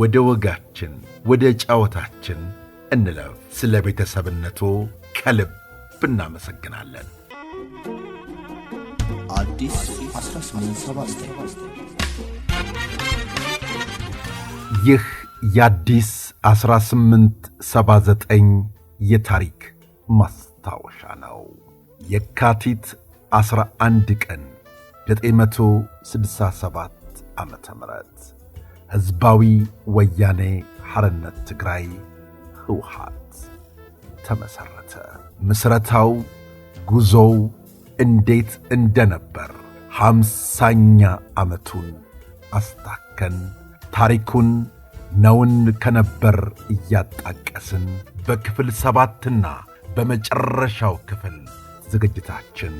ወደ ወጋችን ወደ ጫወታችን እንለፍ። ስለ ቤተሰብነቱ ከልብ እናመሰግናለን። ይህ የአዲስ 1879 የታሪክ ማስታወሻ ነው። የካቲት 11 ቀን 967 ዓ ም ሕዝባዊ ወያኔ ሐርነት ትግራይ ህውሃት ተመሠረተ። ምስረታው ጉዞው እንዴት እንደነበር ሃምሳኛ ዓመቱን አስታከን ታሪኩን ነውን ከነበር እያጣቀስን በክፍል ሰባትና በመጨረሻው ክፍል ዝግጅታችን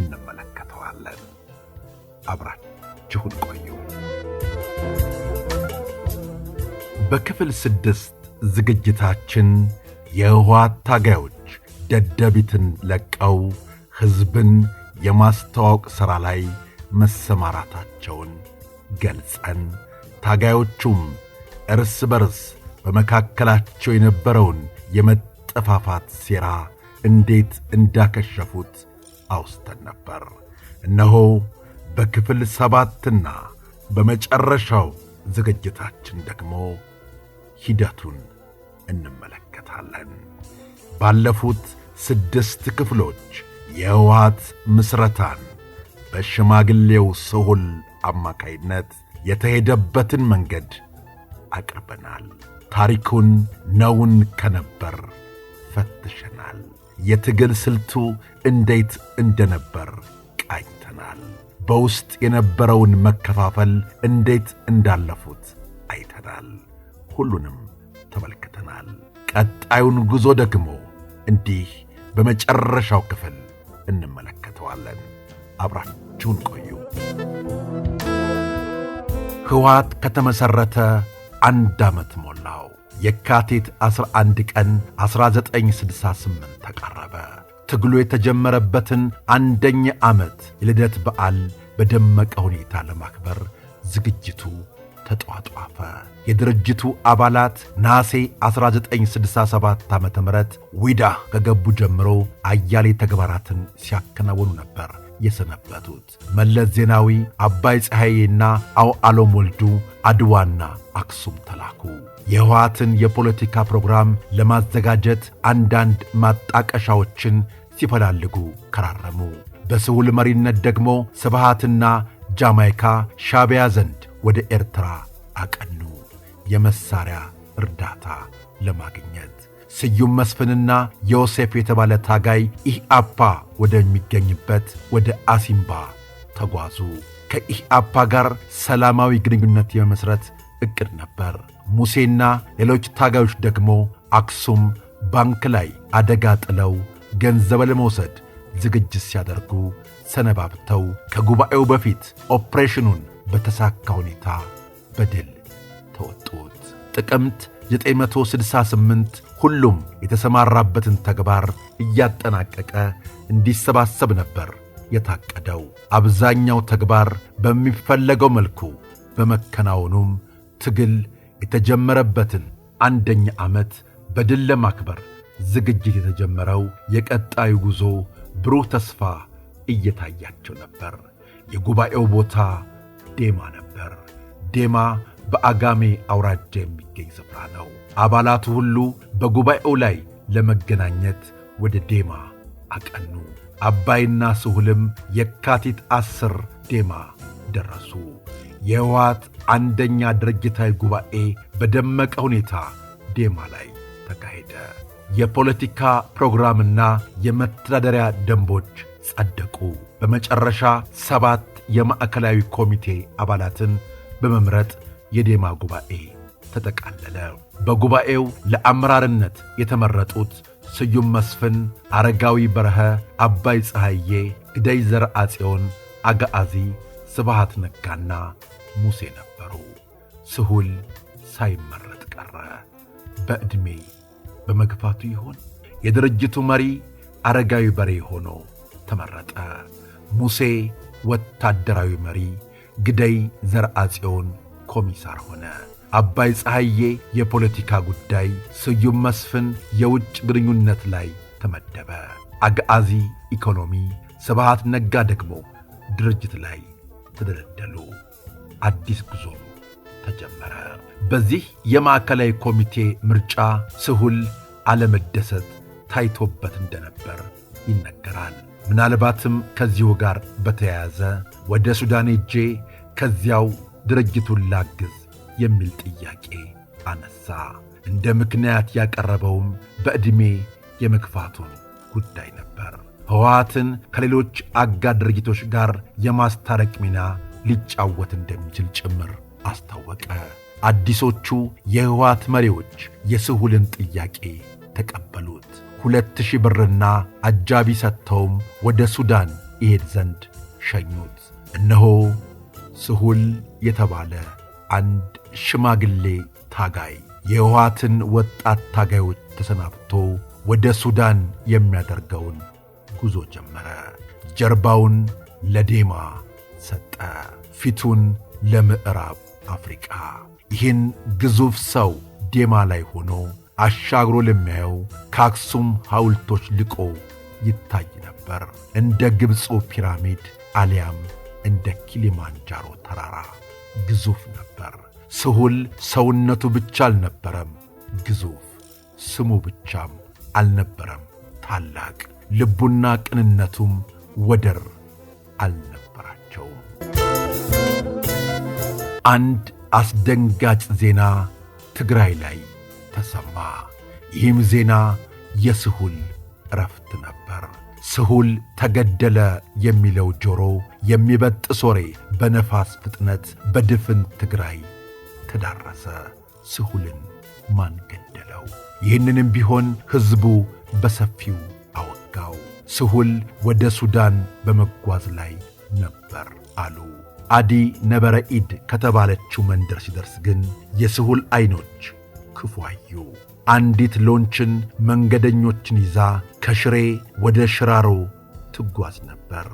እንመለከተዋለን። አብራችሁን ቆዩ። በክፍል ስድስት ዝግጅታችን የህወሓት ታጋዮች ደደቢትን ለቀው ሕዝብን የማስተዋወቅ ሥራ ላይ መሰማራታቸውን ገልጸን ታጋዮቹም እርስ በርስ በመካከላቸው የነበረውን የመጠፋፋት ሴራ እንዴት እንዳከሸፉት አውስተን ነበር። እነሆ በክፍል ሰባትና በመጨረሻው ዝግጅታችን ደግሞ ሂደቱን እንመለከታለን። ባለፉት ስድስት ክፍሎች የህወሓት ምስረታን በሽማግሌው ስሁል አማካይነት የተሄደበትን መንገድ አቅርበናል። ታሪኩን ነውን ከነበር ፈትሸናል። የትግል ስልቱ እንዴት እንደነበር ቃኝተናል። በውስጥ የነበረውን መከፋፈል እንዴት እንዳለፉት አይተናል። ሁሉንም ተመልክተናል። ቀጣዩን ጉዞ ደግሞ እንዲህ በመጨረሻው ክፍል እንመለከተዋለን። አብራችሁን ቆዩ። ሕወሓት ከተመሠረተ አንድ ዓመት ሞላው። የካቲት 11 ቀን 1968 ተቃረበ። ትግሉ የተጀመረበትን አንደኛ ዓመት የልደት በዓል በደመቀ ሁኔታ ለማክበር ዝግጅቱ ተጧጧፈ። የድርጅቱ አባላት ናሴ 1967 ዓ ም ዊዳህ ከገቡ ጀምሮ አያሌ ተግባራትን ሲያከናውኑ ነበር የሰነበቱት። መለስ ዜናዊ፣ አባይ ፀሐዬና አውዓሎም ወልዱ አድዋና አክሱም ተላኩ። የህወሓትን የፖለቲካ ፕሮግራም ለማዘጋጀት አንዳንድ ማጣቀሻዎችን ሲፈላልጉ ከራረሙ። በስሁል መሪነት ደግሞ ስብሃትና ጃማይካ ሻቢያ ዘንድ ወደ ኤርትራ አቀኑ የመሳሪያ እርዳታ ለማግኘት። ስዩም መስፍንና ዮሴፍ የተባለ ታጋይ ኢህአፓ ወደሚገኝበት ወደ አሲምባ ተጓዙ። ከኢህአፓ ጋር ሰላማዊ ግንኙነት የመመስረት እቅድ ነበር። ሙሴና ሌሎች ታጋዮች ደግሞ አክሱም ባንክ ላይ አደጋ ጥለው ገንዘብ ለመውሰድ ዝግጅት ሲያደርጉ ሰነባብተው ከጉባኤው በፊት ኦፕሬሽኑን በተሳካ ሁኔታ በድል ተወጡት። ጥቅምት 968 ሁሉም የተሰማራበትን ተግባር እያጠናቀቀ እንዲሰባሰብ ነበር የታቀደው። አብዛኛው ተግባር በሚፈለገው መልኩ በመከናወኑም ትግል የተጀመረበትን አንደኛ ዓመት በድል ለማክበር ዝግጅት የተጀመረው የቀጣዩ ጉዞ ብሩህ ተስፋ እየታያቸው ነበር። የጉባኤው ቦታ ዴማ ነበር። ዴማ በአጋሜ አውራጃ የሚገኝ ስፍራ ነው። አባላቱ ሁሉ በጉባኤው ላይ ለመገናኘት ወደ ዴማ አቀኑ። አባይና ስሁልም የካቲት አስር ዴማ ደረሱ። የህወሓት አንደኛ ድርጅታዊ ጉባኤ በደመቀ ሁኔታ ዴማ ላይ ተካሄደ። የፖለቲካ ፕሮግራምና የመተዳደሪያ ደንቦች ጸደቁ። በመጨረሻ ሰባት የማዕከላዊ ኮሚቴ አባላትን በመምረጥ የዴማ ጉባኤ ተጠቃለለ። በጉባኤው ለአመራርነት የተመረጡት ስዩም መስፍን፣ አረጋዊ በረኸ፣ አባይ ፀሐዬ፣ ግደይ ዘርአጽዮን፣ አጋአዚ ስብሃት ነጋና ሙሴ ነበሩ። ስሁል ሳይመረጥ ቀረ። በዕድሜ በመግፋቱ ይሆን? የድርጅቱ መሪ አረጋዊ በሬ ሆኖ ተመረጠ። ሙሴ ወታደራዊ መሪ ግደይ ዘርአጽዮን ኮሚሳር ሆነ። አባይ ፀሐዬ የፖለቲካ ጉዳይ፣ ስዩም መስፍን የውጭ ግንኙነት ላይ ተመደበ። አግአዚ ኢኮኖሚ፣ ስብሃት ነጋ ደግሞ ድርጅት ላይ ተደለደሉ። አዲስ ጉዞ ተጀመረ። በዚህ የማዕከላዊ ኮሚቴ ምርጫ ስሁል አለመደሰት ታይቶበት እንደነበር ይነገራል። ምናልባትም ከዚሁ ጋር በተያያዘ ወደ ሱዳን ሄጄ ከዚያው ድርጅቱን ላግዝ የሚል ጥያቄ አነሳ። እንደ ምክንያት ያቀረበውም በዕድሜ የመግፋቱን ጉዳይ ነበር። ሕወሓትን ከሌሎች አጋር ድርጅቶች ጋር የማስታረቅ ሚና ሊጫወት እንደሚችል ጭምር አስታወቀ። አዲሶቹ የሕወሓት መሪዎች የስሁልን ጥያቄ ተቀበሉት። ሁለት ሺህ ብርና አጃቢ ሰጥተውም ወደ ሱዳን ይሄድ ዘንድ ሸኙት። እነሆ ስሁል የተባለ አንድ ሽማግሌ ታጋይ የውሃትን ወጣት ታጋዮች ተሰናብቶ ወደ ሱዳን የሚያደርገውን ጉዞ ጀመረ። ጀርባውን ለዴማ ሰጠ፣ ፊቱን ለምዕራብ አፍሪቃ። ይህን ግዙፍ ሰው ዴማ ላይ ሆኖ አሻግሮ ለሚያየው ከአክሱም ሐውልቶች ልቆ ይታይ ነበር። እንደ ግብፁ ፒራሚድ አሊያም እንደ ኪሊማንጃሮ ተራራ ግዙፍ ነበር። ስሁል ሰውነቱ ብቻ አልነበረም ግዙፍ፣ ስሙ ብቻም አልነበረም ታላቅ፣ ልቡና ቅንነቱም ወደር አልነበራቸውም። አንድ አስደንጋጭ ዜና ትግራይ ላይ ተሰማ። ይህም ዜና የስሁል እረፍት ነበር። ስሁል ተገደለ የሚለው ጆሮ የሚበጥስ ወሬ በነፋስ ፍጥነት በድፍን ትግራይ ተዳረሰ። ስሁልን ማን ገደለው? ይህንንም ቢሆን ሕዝቡ በሰፊው አወጋው። ስሁል ወደ ሱዳን በመጓዝ ላይ ነበር አሉ። አዲ ነበረ ኢድ ከተባለችው መንደር ሲደርስ ግን የስሁል ዐይኖች ክፉ አዩ። አንዲት ሎንችን መንገደኞችን ይዛ ከሽሬ ወደ ሽራሮ ትጓዝ ነበር።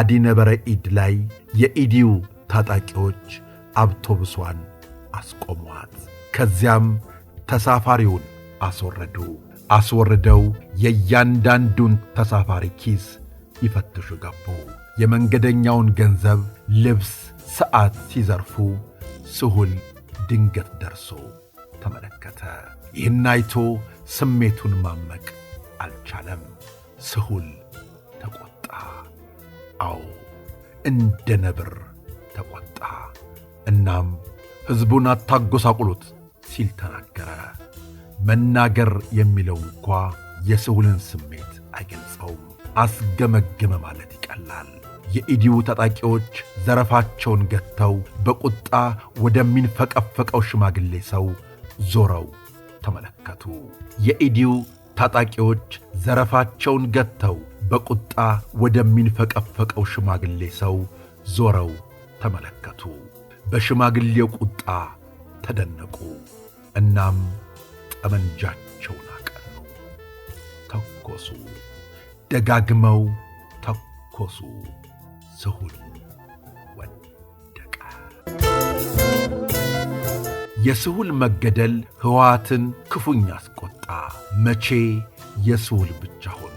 አዲነበረ ኢድ ላይ የኢዲው ታጣቂዎች አብቶብሷን አስቆሟት። ከዚያም ተሳፋሪውን አስወረዱ። አስወርደው የእያንዳንዱን ተሳፋሪ ኪስ ይፈትሹ ገቡ። የመንገደኛውን ገንዘብ፣ ልብስ፣ ሰዓት ሲዘርፉ ስሁል ድንገት ደርሶ ተመለከተ። ይህን አይቶ ስሜቱን ማመቅ አልቻለም። ስሁል ተቆጣ። አዎ እንደ ነብር ተቆጣ። እናም ሕዝቡን አታጎሳቁሉት ሲል ተናገረ። መናገር የሚለው እንኳ የስሁልን ስሜት አይገልጸውም። አስገመገመ ማለት ይቀላል። የኢዲዩ ታጣቂዎች ዘረፋቸውን ገትተው በቁጣ ወደሚንፈቀፈቀው ሽማግሌ ሰው ዞረው ተመለከቱ። የኢዲዩ ታጣቂዎች ዘረፋቸውን ገትተው በቁጣ ወደሚንፈቀፈቀው ሽማግሌ ሰው ዞረው ተመለከቱ። በሽማግሌው ቁጣ ተደነቁ። እናም ጠመንጃቸውን አቀኑ፣ ተኮሱ። ደጋግመው ተኮሱ። ስሁል ወደቀ። የስሁል መገደል ሕወሓትን ክፉኛ አስቆጣ። መቼ የስሁል ብቻ ሆኖ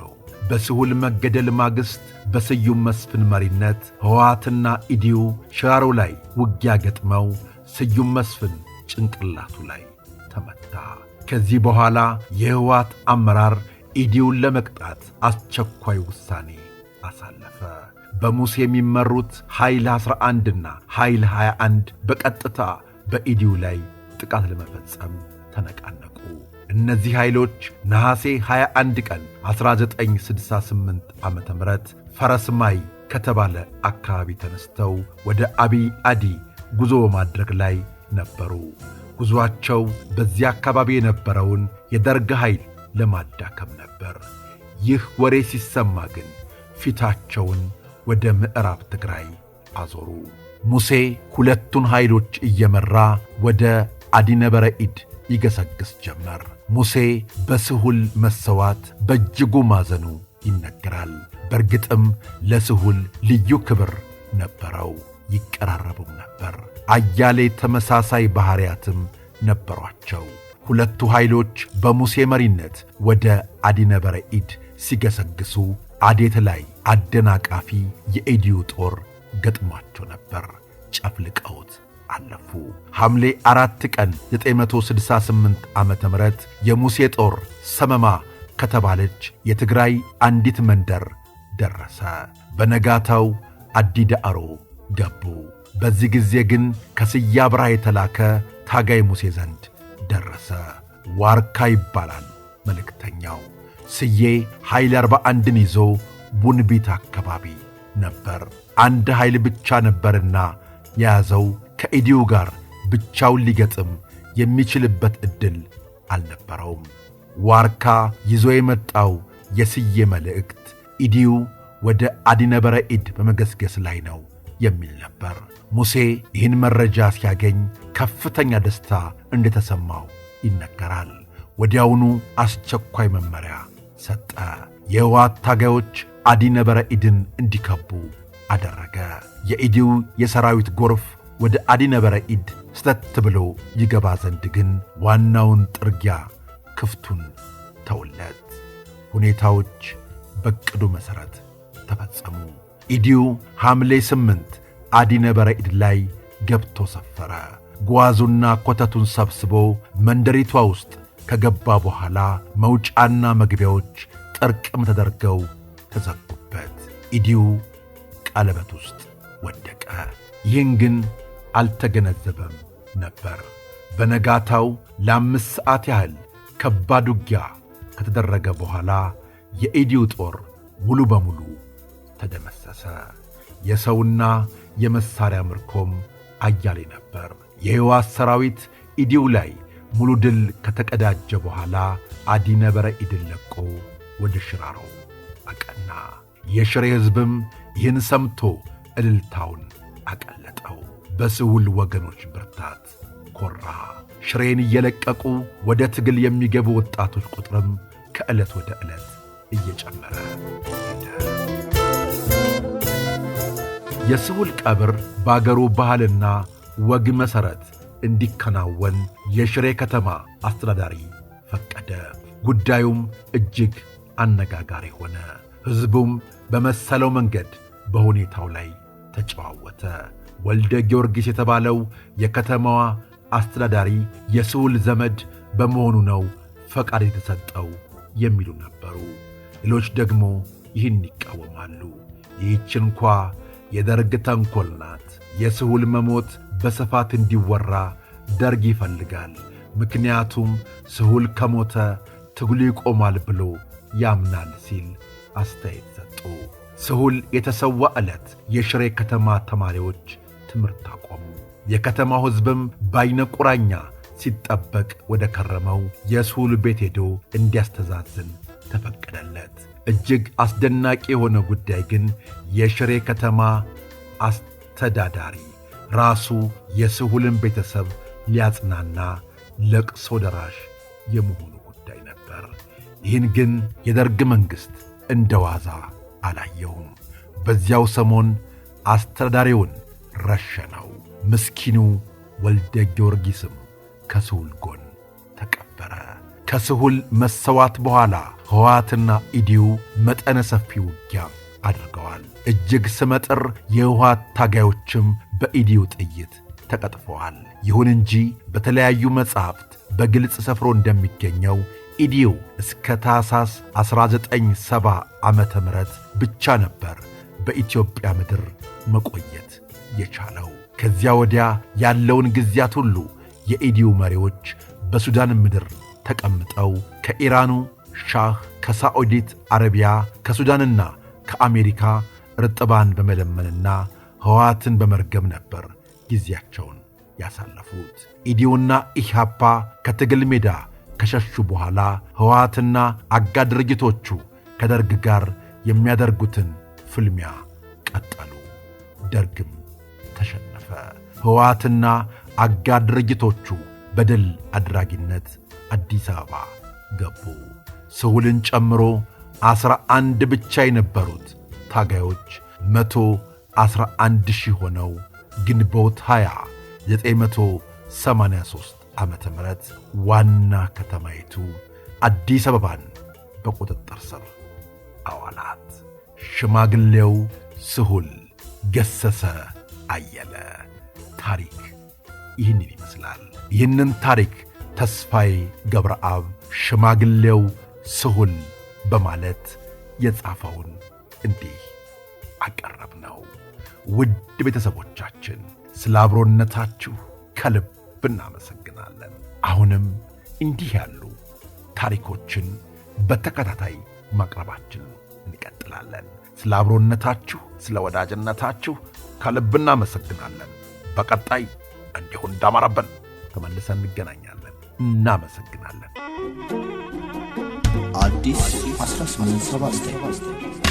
በስሁል መገደል ማግስት በስዩም መስፍን መሪነት ሕወሓትና ኢዲዩ ሽራሮ ላይ ውጊያ ገጥመው ስዩም መስፍን ጭንቅላቱ ላይ ተመታ። ከዚህ በኋላ የሕወሓት አመራር ኢዲዩን ለመቅጣት አስቸኳይ ውሳኔ አሳለፈ። በሙሴ የሚመሩት ኃይል 11ና ኃይል 21 በቀጥታ በኢዲዩ ላይ ጥቃት ለመፈጸም ተነቃነቁ። እነዚህ ኃይሎች ነሐሴ 21 ቀን 1968 ዓ ም ፈረስማይ ከተባለ አካባቢ ተነስተው ወደ አቢይ አዲ ጉዞ በማድረግ ላይ ነበሩ። ጉዞአቸው በዚያ አካባቢ የነበረውን የደርግ ኃይል ለማዳከም ነበር። ይህ ወሬ ሲሰማ ግን ፊታቸውን ወደ ምዕራብ ትግራይ አዞሩ። ሙሴ ሁለቱን ኃይሎች እየመራ ወደ አዲነበረ ኢድ ይገሰግስ ጀመር። ሙሴ በስሁል መሰዋት በእጅጉ ማዘኑ ይነገራል። በእርግጥም ለስሁል ልዩ ክብር ነበረው፣ ይቀራረቡም ነበር። አያሌ ተመሳሳይ ባሕርያትም ነበሯቸው። ሁለቱ ኃይሎች በሙሴ መሪነት ወደ አዲነበረ ኢድ ሲገሰግሱ አዴት ላይ አደናቃፊ የኢድዩ ጦር ገጥሟቸው ነበር። ጨፍልቀውት አለፉ። ሐምሌ አራት ቀን 968 ዓ ም የሙሴ ጦር ሰመማ ከተባለች የትግራይ አንዲት መንደር ደረሰ። በነጋታው አዲዳአሮ ገቡ። በዚህ ጊዜ ግን ከስያ ብርሃ የተላከ ታጋይ ሙሴ ዘንድ ደረሰ። ዋርካ ይባላል መልእክተኛው። ስዬ ኃይል 41ን ይዞ ቡንቢት አካባቢ ነበር። አንድ ኃይል ብቻ ነበርና የያዘው ከኢዲዩ ጋር ብቻውን ሊገጥም የሚችልበት ዕድል አልነበረውም። ዋርካ ይዞ የመጣው የስዬ መልእክት ኢዲዩ ወደ አዲነበረ ኢድ በመገስገስ ላይ ነው የሚል ነበር። ሙሴ ይህን መረጃ ሲያገኝ ከፍተኛ ደስታ እንደተሰማው ይነገራል። ወዲያውኑ አስቸኳይ መመሪያ ሰጠ። የሕወሓት ታጋዮች አዲነበረ ኢድን እንዲከቡ አደረገ። የኢዲው የሰራዊት ጎርፍ ወደ አዲነበረ ኢድ ስተት ብሎ ይገባ ዘንድ ግን ዋናውን ጥርጊያ ክፍቱን ተውለት። ሁኔታዎች በቅዱ መሠረት ተፈጸሙ። ኢዲው ሐምሌ ስምንት አዲነበረ ኢድ ላይ ገብቶ ሰፈረ። ጓዙና ኮተቱን ሰብስቦ መንደሪቷ ውስጥ ከገባ በኋላ መውጫና መግቢያዎች ጥርቅም ተደርገው ተዘጉበት። ኢዲው ቀለበት ውስጥ ወደቀ። ይህን ግን አልተገነዘበም ነበር። በነጋታው ለአምስት ሰዓት ያህል ከባድ ውጊያ ከተደረገ በኋላ የኢዲው ጦር ሙሉ በሙሉ ተደመሰሰ። የሰውና የመሳሪያ ምርኮም አያሌ ነበር። የሕዋስ ሰራዊት ኢዲው ላይ ሙሉ ድል ከተቀዳጀ በኋላ አዲነበረ ኢድን ለቆ ወደ ሽራሮ አቀና። የሽሬ ሕዝብም ይህን ሰምቶ እልልታውን አቀላ። በስውል ወገኖች ብርታት ኮራ። ሽሬን እየለቀቁ ወደ ትግል የሚገቡ ወጣቶች ቁጥርም ከዕለት ወደ ዕለት እየጨመረ የስውል ቀብር በአገሩ ባህልና ወግ መሠረት እንዲከናወን የሽሬ ከተማ አስተዳዳሪ ፈቀደ። ጉዳዩም እጅግ አነጋጋሪ ሆነ። ሕዝቡም በመሰለው መንገድ በሁኔታው ላይ ተጨዋወተ። ወልደ ጊዮርጊስ የተባለው የከተማዋ አስተዳዳሪ የስዑል ዘመድ በመሆኑ ነው ፈቃድ የተሰጠው የሚሉ ነበሩ። ሌሎች ደግሞ ይህን ይቃወማሉ። ይህች እንኳ የደርግ ተንኮል ናት። የስሁል መሞት በስፋት እንዲወራ ደርግ ይፈልጋል። ምክንያቱም ስሁል ከሞተ ትግሉ ይቆማል ብሎ ያምናል ሲል አስተያየት ሰጡ። ስሁል የተሰዋ ዕለት የሽሬ ከተማ ተማሪዎች ትምህርት አቆሙ። የከተማው ሕዝብም ባይነ ቁራኛ ሲጠበቅ ወደ ከረመው የስሁል ቤት ሄዶ እንዲያስተዛዝን ተፈቀደለት። እጅግ አስደናቂ የሆነ ጉዳይ ግን የሽሬ ከተማ አስተዳዳሪ ራሱ የስሁልን ቤተሰብ ሊያጽናና ለቅሶ ደራሽ የመሆኑ ጉዳይ ነበር። ይህን ግን የደርግ መንግሥት እንደ ዋዛ አላየውም። በዚያው ሰሞን አስተዳዳሪውን ረሸነው። ምስኪኑ ወልደ ጊዮርጊስም ከስሁል ጎን ተቀበረ። ከስሁል መሰዋት በኋላ ሕወሓትና ኢዲዩ መጠነ ሰፊ ውጊያ አድርገዋል። እጅግ ስመጥር የሕወሓት ታጋዮችም በኢዲዩ ጥይት ተቀጥፈዋል። ይሁን እንጂ በተለያዩ መጻሕፍት በግልጽ ሰፍሮ እንደሚገኘው ኢዲዩ እስከ ታኅሳስ 1970 ዓመተ ምህረት ብቻ ነበር በኢትዮጵያ ምድር መቆየት የቻለው። ከዚያ ወዲያ ያለውን ጊዜያት ሁሉ የኢዲዩ መሪዎች በሱዳን ምድር ተቀምጠው ከኢራኑ ሻህ ከሳዑዲት አረቢያ ከሱዳንና ከአሜሪካ ርጥባን በመለመንና ሕወሓትን በመርገም ነበር ጊዜያቸውን ያሳለፉት። ኢዲዩና ኢሕአፓ ከትግል ሜዳ ከሸሹ በኋላ ሕወሓትና አጋ ድርጅቶቹ ከደርግ ጋር የሚያደርጉትን ፍልሚያ ቀጠሉ። ደርግም ተሸነፈ። ሕወሓትና አጋር ድርጅቶቹ በድል አድራጊነት አዲስ አበባ ገቡ። ስሁልን ጨምሮ ዐሥራ አንድ ብቻ የነበሩት ታጋዮች መቶ ዐሥራ አንድ ሺህ ሆነው ግንቦት 20 983 ዓመተ ምህረት ዋና ከተማይቱ አዲስ አበባን በቁጥጥር ስር አዋላት። ሽማግሌው ስሁል ገሰሰ አየለ ታሪክ ይህንን ይመስላል። ይህንን ታሪክ ተስፋዬ ገብረአብ ሽማግሌው ስሁን በማለት የጻፈውን እንዲህ አቀረብ ነው። ውድ ቤተሰቦቻችን ስለ አብሮነታችሁ ከልብ እናመሰግናለን። አሁንም እንዲህ ያሉ ታሪኮችን በተከታታይ ማቅረባችን እንቀጥላለን። ስለ አብሮነታችሁ፣ ስለ ወዳጅነታችሁ ከልብ እናመሰግናለን። በቀጣይ እንዲሁ እንዳማረብን ተመልሰን እንገናኛለን። እናመሰግናለን። አዲስ 1879